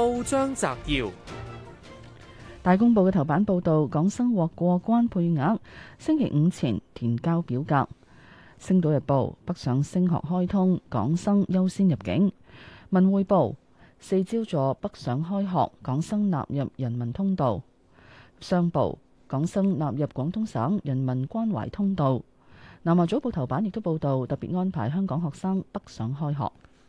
報章摘要：大公報嘅頭版報道，港生獲過關配額，星期五前填交表格。星島日報北上升學開通，港生優先入境。文匯報四朝助北上開學，港生納入人民通道。商報港生納入廣東省人民關懷通道。南華早報頭版亦都報道，特別安排香港學生北上開學。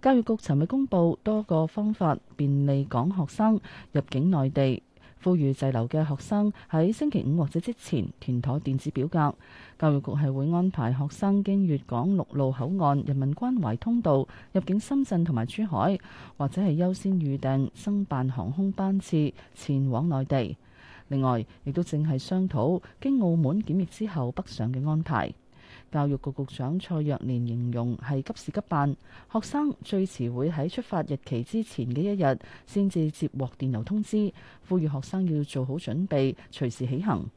教育局尋日公布多個方法便利港學生入境內地，呼籲滯留嘅學生喺星期五或者之前填妥電子表格。教育局係會安排學生經粵港陸路口岸、人民關懷通道入境深圳同埋珠海，或者係優先預訂申辦航空班次前往內地。另外，亦都正係商討經澳門檢疫之後北上嘅安排。教育局局長蔡若蓮形容係急事急辦，學生最遲會喺出發日期之前嘅一日先至接獲電郵通知，呼籲學生要做好準備，隨時起行。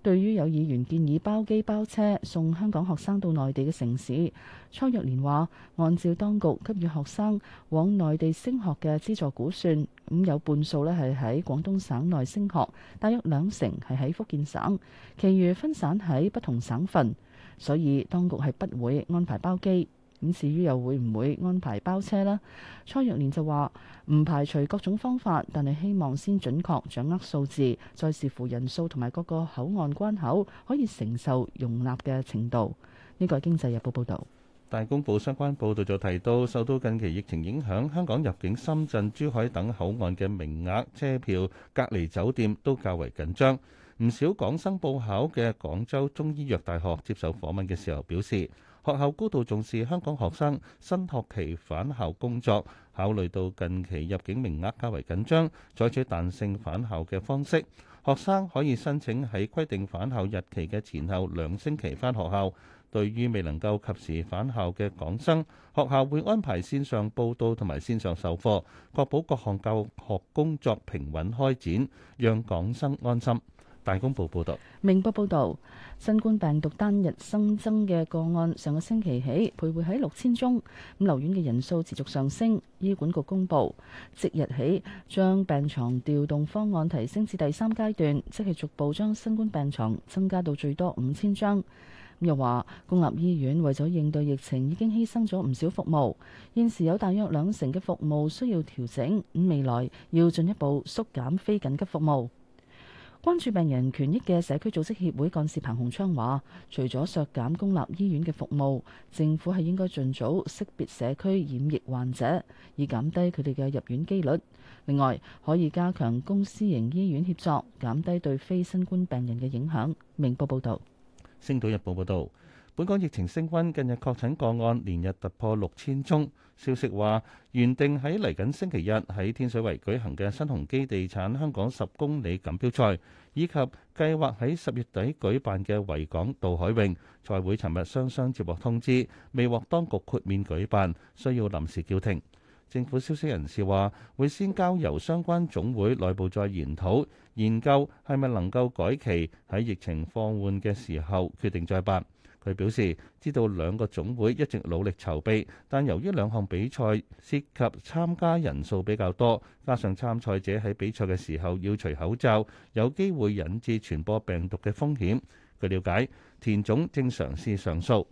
對於有議員建議包機包車送香港學生到內地嘅城市，蔡若蓮話：按照當局給予學生往內地升學嘅資助估算，咁有半數咧係喺廣東省內升學，大約兩成係喺福建省，其餘分散喺不同省份，所以當局係不會安排包機。咁至於又會唔會安排包車呢？蔡若蓮就話：唔排除各種方法，但係希望先準確掌握數字，再視乎人數同埋各個口岸關口可以承受容納嘅程度。呢個係經濟日報報導。大公報相關報導就提到，受到近期疫情影響，香港入境深圳、珠海等口岸嘅名額、車票、隔離酒店都較為緊張。唔少港生報考嘅廣州中醫藥大學接受訪問嘅時候表示。學校高度重視香港學生新學期返校工作，考慮到近期入境名額較為緊張，採取彈性返校嘅方式。學生可以申請喺規定返校日期嘅前後兩星期返學校。對於未能夠及時返校嘅港生，學校會安排線上報到同埋線上授課，確保各項教學工作平穩開展，讓港生安心。《大公報》報道，《明報》報道，新冠病毒單日新增嘅個案，上個星期起徘徊喺六千宗，咁留院嘅人數持續上升。醫管局公佈，即日起將病床調動方案提升至第三階段，即係逐步將新冠病床增加到最多五千張。又話公立醫院為咗應對疫情，已經犧牲咗唔少服務，現時有大約兩成嘅服務需要調整，咁未來要進一步縮減非緊急服務。關注病人權益嘅社區組織協會幹事彭洪昌話，除咗削減公立醫院嘅服務，政府係應該盡早識別社區染疫患者，以減低佢哋嘅入院機率。另外，可以加強公私營醫院協作，減低對非新冠病人嘅影響。明報報道。星島日報報道。本港疫情升温，近日確診個案連日突破六千宗。消息話，原定喺嚟緊星期日喺天水圍舉行嘅新鴻基地產香港十公里錦標賽，以及計劃喺十月底舉辦嘅維港渡海泳賽會，尋日雙雙接獲通知，未獲當局豁免舉辦，需要臨時叫停。政府消息人士話，會先交由相關總會內部再研討，研究係咪能夠改期喺疫情放緩嘅時候決定再辦。佢表示知道兩個總會一直努力籌備，但由於兩項比賽涉及參加人數比較多，加上參賽者喺比賽嘅時候要除口罩，有機會引致傳播病毒嘅風險。據了解，田總正嘗試上訴。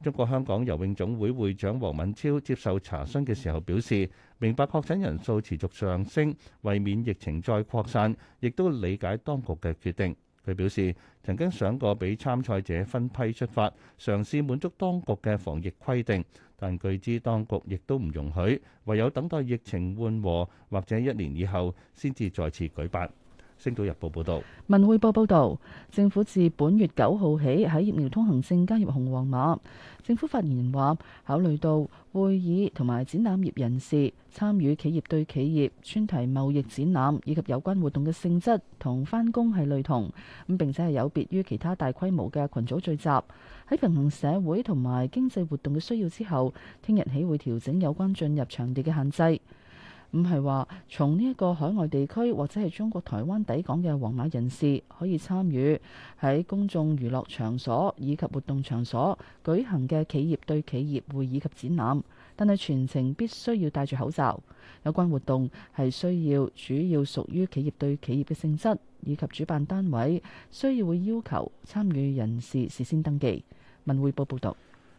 中國香港游泳總會會長王敏超接受查詢嘅時候表示，明白確診人數持續上升，為免疫情再擴散，亦都理解當局嘅決定。佢表示曾經想過俾參賽者分批出發，嘗試滿足當局嘅防疫規定，但據知當局亦都唔容許，唯有等待疫情緩和或者一年以後先至再次舉辦。《星島日報》報導，《文匯報》報導，政府自本月九號起喺疫苗通行證加入紅黃碼。政府發言人話：考慮到會議同埋展覽業人士參與企業對企業、專題貿易展覽以及有關活動嘅性質同返工係類同，咁並且係有別於其他大規模嘅群組聚集，喺平衡社會同埋經濟活動嘅需要之後，聽日起會調整有關進入場地嘅限制。唔，係話從呢一個海外地區或者係中國台灣抵港嘅黃碼人士，可以參與喺公眾娛樂場所以及活動場所舉行嘅企業對企業會議及展覽，但係全程必須要戴住口罩。有關活動係需要主要屬於企業對企業嘅性質以及主辦單位需要會要求參與人士事先登記。文匯報報道。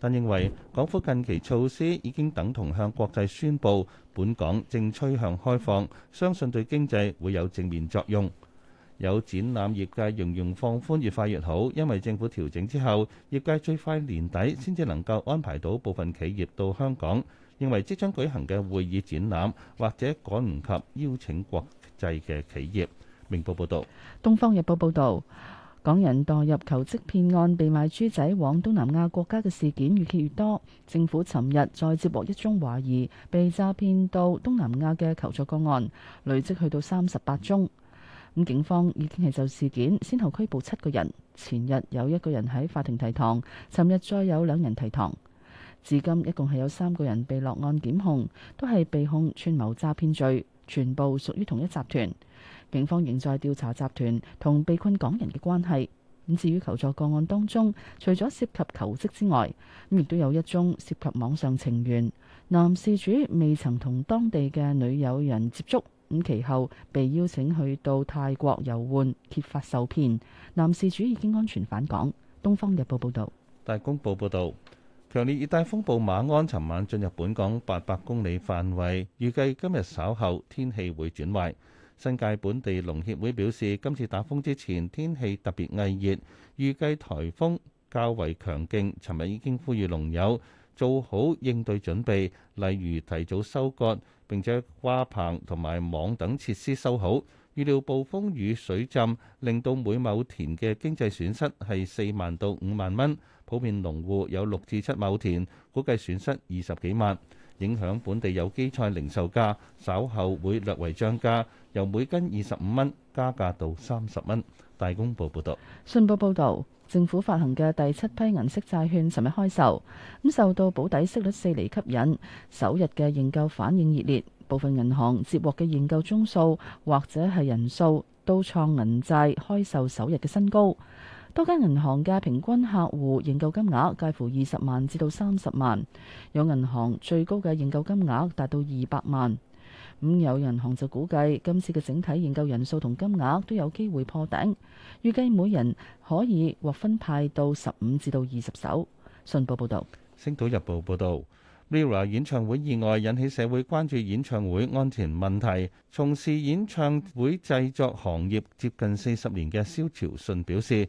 但認為港府近期措施已經等同向國際宣佈本港正趨向開放，相信對經濟會有正面作用。有展覽業界形容放寬越快越好，因為政府調整之後，業界最快年底先至能夠安排到部分企業到香港。認為即將舉行嘅會議展覽，或者趕唔及邀請國際嘅企業。明報報道。《東方日報》報導。港人墮入求職騙案被賣豬仔往東南亞國家嘅事件越揭越多，政府尋日再接獲一宗懷疑被詐騙到東南亞嘅求助個案，累積去到三十八宗。咁警方已經係就事件，先後拘捕七個人。前日有一個人喺法庭提堂，尋日再有兩人提堂。至今一共係有三個人被落案檢控，都係被控串謀詐騙罪，全部屬於同一集團。警方仍在調查集團同被困港人嘅關係。咁至於求助個案當中，除咗涉及求職之外，亦都有一宗涉及網上情緣。男事主未曾同當地嘅女友人接觸，咁其後被邀請去到泰國遊玩，揭發受騙。男事主已經安全返港。《東方日報》報道。《大公報》報道，強烈熱帶風暴馬鞍尋晚進入本港八百公里範圍，預計今日稍後天氣會轉壞。新界本地農協會表示，今次打風之前天氣特別翳熱，預計颱風較為強勁。尋日已經呼籲農友做好應對準備，例如提早收割，並且瓜棚同埋網等設施修好。預料暴風雨水浸，令到每畝田嘅經濟損失係四萬到五萬蚊。普遍農戶有六至七畝田，估計損失二十幾萬。影響本地有機菜零售價，稍後會略為漲價，由每斤二十五蚊加價到三十蚊。大公報報道，信報報道，政府發行嘅第七批銀色債券尋日開售，咁受到保底息率四厘吸引，首日嘅認購反應熱烈，部分銀行接獲嘅認購宗數或者係人數都創銀債開售首日嘅新高。多間銀行嘅平均客戶認購金額介乎二十萬至到三十萬，有銀行最高嘅認購金額達到二百萬。咁有銀行就估計今次嘅整體認購人數同金額都有機會破頂，預計每人可以獲分派到十五至到二十手。信報報導，《星島日報》報導，MIRROR 演唱會意外引起社會關注，演唱會安全問題。從事演唱會製作行業接近四十年嘅蕭朝信表示。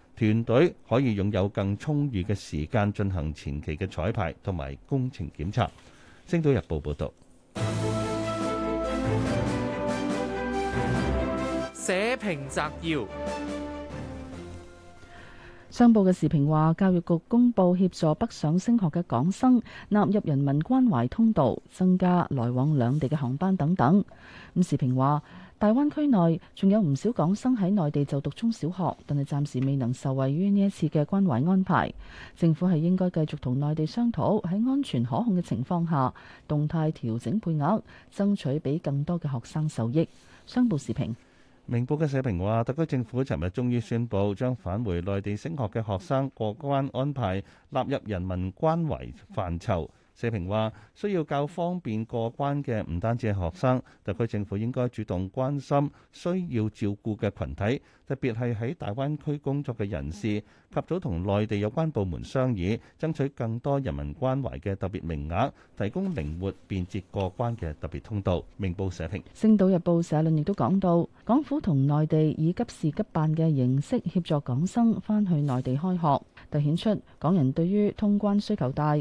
團隊可以擁有更充裕嘅時間進行前期嘅彩排同埋工程檢查。星島日報報導。社評摘要。商報嘅時評話，教育局公布協助北上升學嘅港生納入人民關懷通道，增加來往兩地嘅航班等等。咁時評話。大灣區內仲有唔少港生喺內地就讀中小學，但係暫時未能受惠於呢一次嘅關懷安排。政府係應該繼續同內地商討喺安全可控嘅情況下，動態調整配額，爭取俾更多嘅學生受益。商報時評。明報嘅社評話，特區政府尋日終於宣布，將返回內地升學嘅學生過關安排納入人民關懷範疇。社評話：需要較方便過關嘅唔單止係學生，特區政府應該主動關心需要照顧嘅群體，特別係喺大灣區工作嘅人士，及早同內地有關部門商議，爭取更多人民關懷嘅特別名額，提供靈活便捷過關嘅特別通道。明報社評，《星島日報》社論亦都講到，港府同內地以急事急辦嘅形式協助港生返去內地開學，突顯出港人對於通關需求大，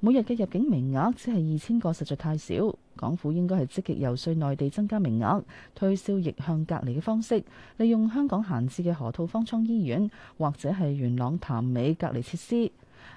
每日嘅日警名額只係二千個，實在太少。港府應該係積極游說內地增加名額，推銷逆向隔離嘅方式，利用香港閒置嘅河套方艙醫院或者係元朗潭尾隔離設施，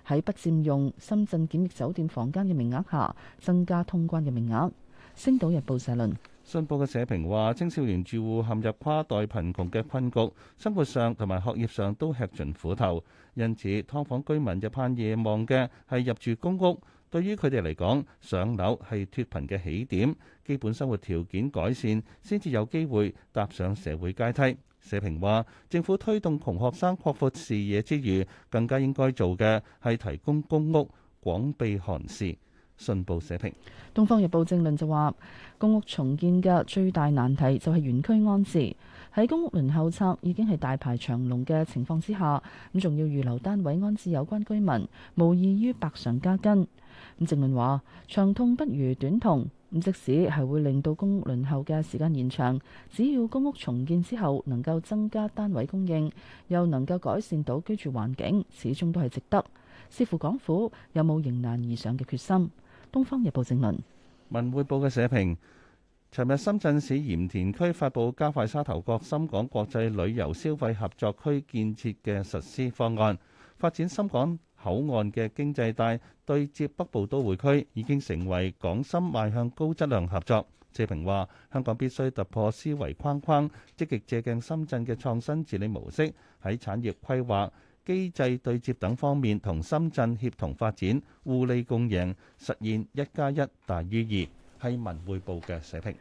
喺不佔用深圳檢疫酒店房間嘅名額下，增加通關嘅名額。星島日報社論，信報嘅社評話：青少年住戶陷入跨代貧窮嘅困局，生活上同埋學業上都吃盡苦頭，因此劏房居民日盼夜望嘅係入住公屋。對於佢哋嚟講，上樓係脫貧嘅起點，基本生活條件改善先至有機會搭上社會階梯。社評話，政府推動窮學生擴闊視野之餘，更加應該做嘅係提供公屋，廣備寒士。信報社評，《東方日報正論》就話，公屋重建嘅最大難題就係原區安置，喺公屋輪候冊已經係大排長龍嘅情況之下，咁仲要預留單位安置有關居民，無異於百上加斤。咁政論話長痛不如短痛，咁即使係會令到公屋輪候嘅時間延長，只要公屋重建之後能夠增加單位供應，又能夠改善到居住環境，始終都係值得。視乎港府有冇迎難而上嘅決心？《東方日報》政論。文匯報嘅社評，尋日深圳市鹽田區發布加快沙頭角深港國際旅遊消費合作區建設嘅實施方案，發展深港。口岸嘅經濟帶對接北部都會區已經成為港深邁向高質量合作。謝平話：香港必須突破思維框框，積極借鏡深圳嘅創新治理模式，喺產業規劃、機制對接等方面同深圳協同發展，互利共贏，實現一加一大於二。係文匯報嘅社評。